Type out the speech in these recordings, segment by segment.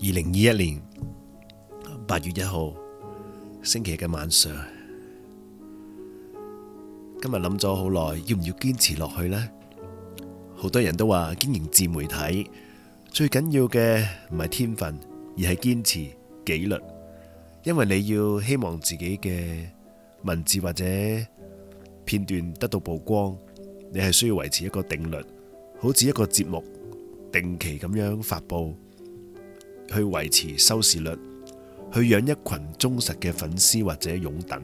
二零二一年八月一號星期日嘅晚上，Sir、今日諗咗好耐，要唔要堅持落去咧？好多人都話經營自媒體最緊要嘅唔係天分，而係堅持紀律。因為你要希望自己嘅文字或者片段得到曝光，你係需要維持一個定律，好似一個節目定期咁樣發佈。去維持收視率，去養一群忠實嘅粉絲或者擁躉。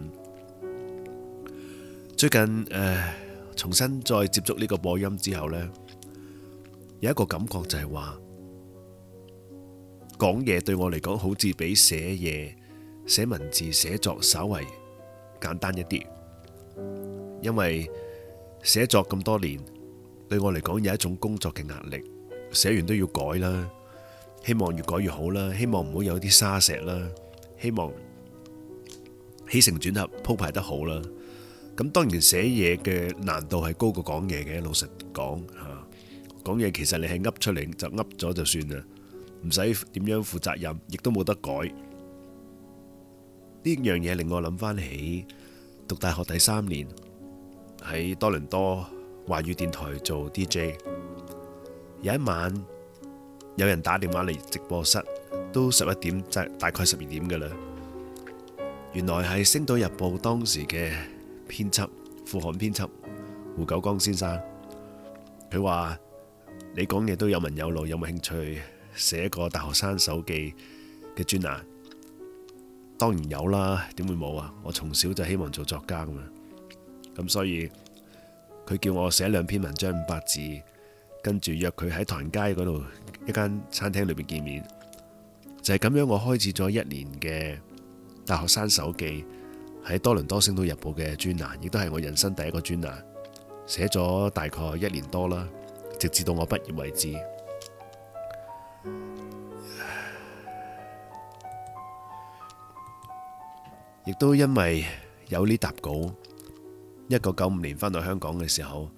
最近誒、呃，重新再接觸呢個播音之後呢，有一個感覺就係話，講嘢對我嚟講好似比寫嘢、寫文字、寫作稍為簡單一啲，因為寫作咁多年，對我嚟講有一種工作嘅壓力，寫完都要改啦。希望越改越好啦，希望唔好有啲沙石啦，希望起承轉合鋪排得好啦。咁當然寫嘢嘅難度係高過講嘢嘅，老實講吓，講嘢其實你係噏出嚟就噏咗就算啦，唔使點樣負責任，亦都冇得改。呢樣嘢令我諗翻起讀大學第三年喺多倫多華語電台做 DJ，有一晚。有人打電話嚟，直播室，都十一點，即大概十二點噶啦。原來係《星島日報》當時嘅編輯，副刊編輯胡九江先生，佢話：你講嘢都有文有路，有冇興趣寫一個大學生手記嘅專欄？當然有啦，點會冇啊？我從小就希望做作家噶嘛，咁所以佢叫我寫兩篇文章五百字。跟住約佢喺唐街嗰度一間餐廳裏面見面，就係咁樣我開始咗一年嘅大學生手記喺多倫多星島日報嘅專欄，亦都係我人生第一個專欄，寫咗大概一年多啦，直至到我畢業為止。亦都因為有呢沓稿，一九九五年返到香港嘅時候，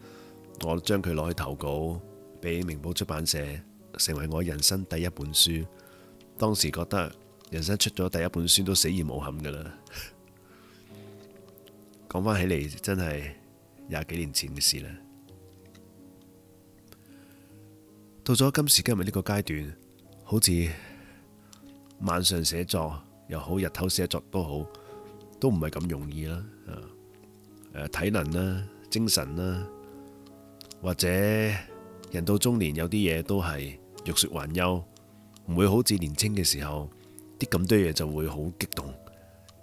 我將佢攞去投稿。俾明報出版社，成為我人生第一本書。當時覺得人生出咗第一本書都死而無憾㗎喇。講翻起嚟真係廿幾年前嘅事啦。到咗今時今日呢個階段，好似晚上寫作又好，日頭寫作都好，都唔係咁容易啦。誒，體能啦，精神啦，或者～人到中年，有啲嘢都係欲說還休，唔會好似年青嘅時候，啲咁多嘢就會好激動，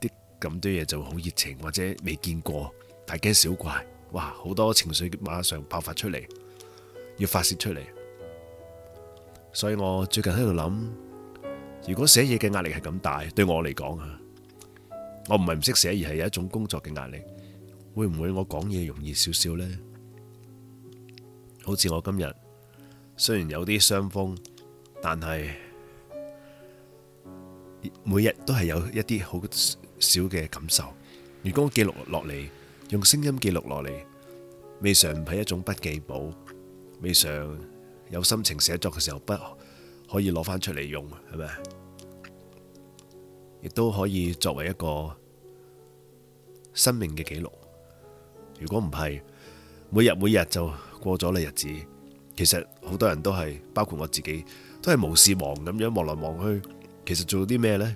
啲咁多嘢就會好熱情，或者未見過，大驚小怪，哇，好多情緒馬上爆發出嚟，要發洩出嚟。所以我最近喺度諗，如果寫嘢嘅壓力係咁大，對我嚟講啊，我唔係唔識寫，而係有一種工作嘅壓力，會唔會我講嘢容易少少呢？好似我今日雖然有啲傷風，但係每日都係有一啲好小嘅感受。如果我記錄落嚟，用聲音記錄落嚟，未嘗唔係一種筆記簿。未嘗有心情寫作嘅時候，不可以攞翻出嚟用，係咪？亦都可以作為一個生命嘅記錄。如果唔係，每日每日就。過咗嘅日子，其實好多人都係，包括我自己，都係無事忙咁樣望來望去。其實做到啲咩呢？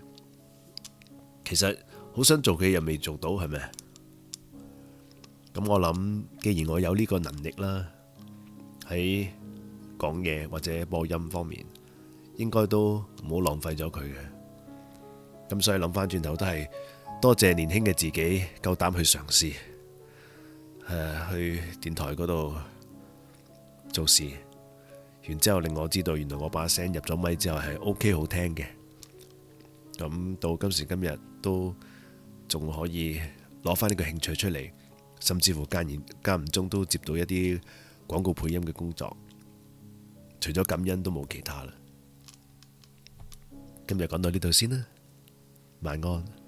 其實好想做佢又未做到，係咪？咁我諗，既然我有呢個能力啦，喺講嘢或者播音方面，應該都唔好浪費咗佢嘅。咁所以諗翻轉頭是，都係多謝年輕嘅自己，夠膽去嘗試，呃，去電台嗰度做事，然之後令我知道，原來我把聲入咗咪之後係 OK 好聽嘅。咁到今時今日都仲可以攞翻呢個興趣出嚟，甚至乎間然間唔中都接到一啲廣告配音嘅工作。除咗感恩都冇其他啦。今日講到呢度先啦，晚安。